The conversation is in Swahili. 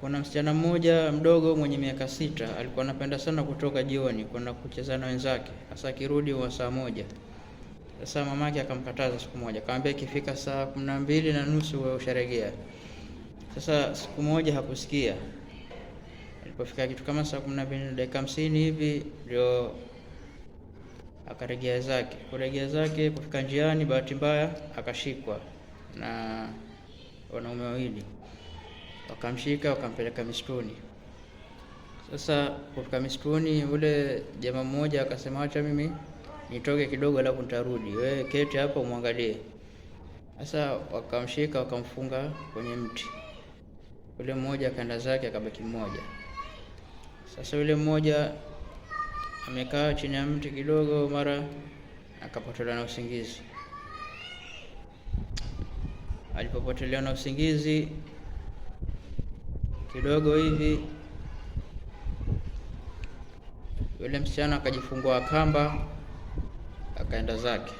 Kuna msichana mmoja mdogo mwenye miaka sita alikuwa anapenda sana kutoka jioni kwenda kucheza na wenzake, hasa akirudi wa saa moja. Sasa mamake akamkataza siku moja, akamwambia ikifika saa kumi na mbili na nusu wewe usharegea. Sasa siku moja hakusikia. Alipofika kitu kama saa kumi na mbili na dakika hamsini hivi ndio akaregea zake. Kuregea zake, kufika njiani, bahati mbaya akashikwa na wanaume wawili wakamshika wakampeleka misituni. Sasa kufika misituni, ule jamaa mmoja akasema, acha mimi nitoke kidogo, alafu nitarudi, wewe keti hapo umwangalie. Sasa wakamshika wakamfunga kwenye mti ule, mmoja akaenda zake, akabaki mmoja. Sasa yule mmoja amekaa chini ya mti kidogo, mara akapotelewa na usingizi. Alipopotelewa na usingizi kidogo hivi, yule msichana akajifungua kamba akaenda zake.